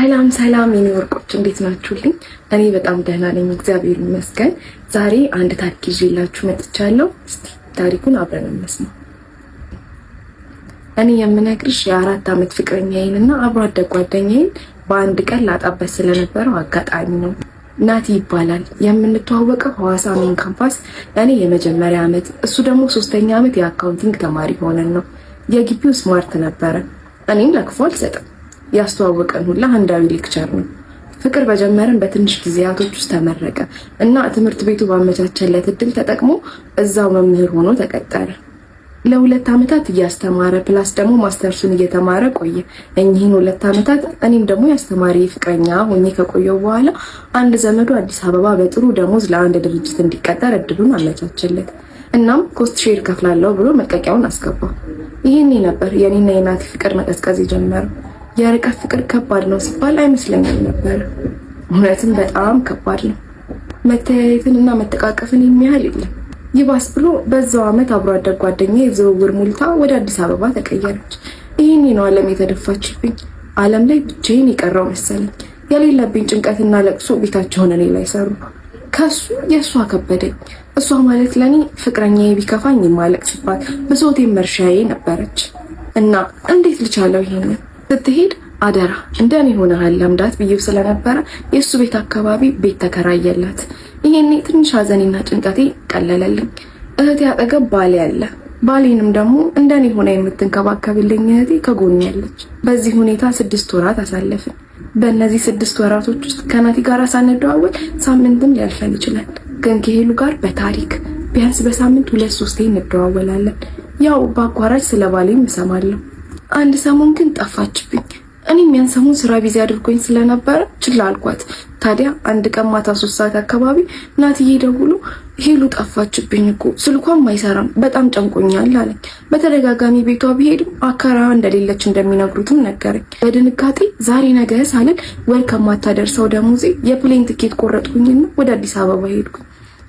ሰላም ሰላም የኔ ወርቆች እንዴት ናችሁልኝ? እኔ በጣም ደህና ነኝ፣ እግዚአብሔር ይመስገን። ዛሬ አንድ ታሪክ ይዤላችሁ መጥቻለሁ። እስቲ ታሪኩን አብረን እንስማ። እኔ የምነግርሽ የአራት ዓመት ፍቅረኛዬን እና አብሮ አደግ ጓደኛዬን በአንድ ቀን ላጣበት ስለነበረው አጋጣሚ ነው። ናቲ ይባላል። የምንተዋወቀው ሐዋሳ ሜን ካምፓስ፣ እኔ የመጀመሪያ ዓመት እሱ ደግሞ ሶስተኛ ዓመት የአካውንቲንግ ተማሪ ሆነን ነው። የግቢው ስማርት ነበረ። እኔም ለክፉ አልሰጥም ያስተዋወቀን ሁላ አንዳዊ ሌክቸር ነው። ፍቅር በጀመረን በትንሽ ጊዜያቶች ውስጥ ተመረቀ እና ትምህርት ቤቱ ባመቻቸለት እድል ተጠቅሞ እዛው መምህር ሆኖ ተቀጠረ። ለሁለት ዓመታት እያስተማረ ፕላስ ደግሞ ማስተርሱን እየተማረ ቆየ። እኚህን ሁለት ዓመታት እኔም ደግሞ ያስተማሪ ፍቅረኛ ሆኜ ከቆየው በኋላ አንድ ዘመዱ አዲስ አበባ በጥሩ ደሞዝ ለአንድ ድርጅት እንዲቀጠር እድሉን አመቻቸለት። እናም ኮስት ሼር ከፍላለው ብሎ መቀቂያውን አስገባ። ይህኔ ነበር የኔና የናቲ ፍቅር መቀዝቀዝ የጀመረው። የርቀት ፍቅር ከባድ ነው ሲባል አይመስለኝም ነበር። እውነትም በጣም ከባድ ነው። መተያየትን እና መተቃቀፍን የሚያህል የለም። ይባስ ብሎ በዛው ዓመት አብሮ አደግ ጓደኛ የዝውውር ሙልታ ወደ አዲስ አበባ ተቀየረች። ይህኔ ነው ዓለም የተደፋችብኝ። ዓለም ላይ ብቻዬን የቀረው መሰለኝ። የሌለብኝ ጭንቀትና ለቅሶ ሆነ እኔ ላይ ሰሩ። ከሱ የእሷ ከበደኝ። እሷ ማለት ለእኔ ፍቅረኛ ቢከፋኝ ሲባል ብሶቴ መርሻዬ ነበረች እና እንዴት ልቻለው ይሄንን ስትሄድ አደራ እንደኔ ሆነሃል ለምዳት ብዬው ስለነበረ የእሱ ቤት አካባቢ ቤት ተከራየላት። ይሄኔ ትንሽ ሀዘኔና ጭንቀቴ ቀለለልኝ። እህቴ አጠገብ ባሌ አለ። ባሌንም ደግሞ እንደኔ ሆነ የምትንከባከብልኝ እህቴ ከጎን ያለች። በዚህ ሁኔታ ስድስት ወራት አሳለፍን። በእነዚህ ስድስት ወራቶች ውስጥ ከናቲ ጋር ሳንደዋወል ሳምንትም ሊያልፈን ይችላል። ግን ከሄሉ ጋር በታሪክ ቢያንስ በሳምንት ሁለት ሶስቴ እንደዋወላለን። ያው በአቋራጭ ስለ ባሌም እሰማለሁ። አንድ ሰሞን ግን ጠፋችብኝ። እኔም ያን ሰሞን ስራ ቢዚ አድርጎኝ ስለነበረ ችላ አልኳት። ታዲያ አንድ ቀን ማታ ሶስት ሰዓት አካባቢ ናትዬ ደውሎ ሄሉ ጠፋችብኝ እኮ ስልኳም አይሰራም በጣም ጨንቆኛል አለኝ። በተደጋጋሚ ቤቷ ቢሄድም አከራ እንደሌለች እንደሚነግሩትም ነገረኝ። በድንጋጤ ዛሬ ነገ ሳልል ወር ከማታደርሰው ደሞዜ የፕሌን ትኬት ቆረጥኩኝና ወደ አዲስ አበባ ሄድኩኝ።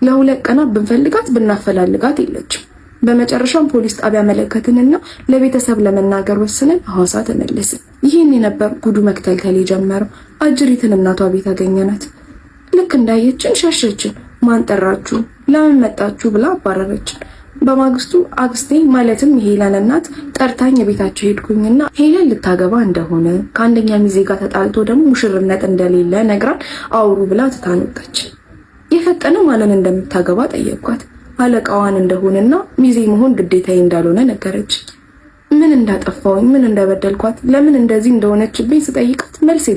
ለሁለት ቀናት ብንፈልጋት ብናፈላልጋት የለችም። በመጨረሻም ፖሊስ ጣቢያ መለከትንና ለቤተሰብ ለመናገር ወስነን ሐዋሳ ተመለስን። ይህን የነበር ጉዱ መክተልተል የጀመረው። አጅሪትን እናቷ ቤት አገኘናት። ልክ እንዳየችን ሸሸችን። ማን ጠራችሁ? ለምን መጣችሁ? ብላ አባረረችን። በማግስቱ አግስቴ ማለትም የሄለን እናት ጠርታኝ የቤታቸው ሄድኩኝና ሄለን ልታገባ እንደሆነ ከአንደኛ ሚዜ ጋር ተጣልቶ ደግሞ ሙሽርነት እንደሌለ ነግራን አውሩ ብላ ትታን ወጣች። የፈጠነ ማለን እንደምታገባ ጠየኳት። አለቃዋን እንደሆነና ሚዜ መሆን ግዴታዬ እንዳልሆነ ነገረች። ምን እንዳጠፋውኝ ምን እንደበደልኳት ለምን እንደዚህ እንደሆነችብኝ ስጠይቃት መልስ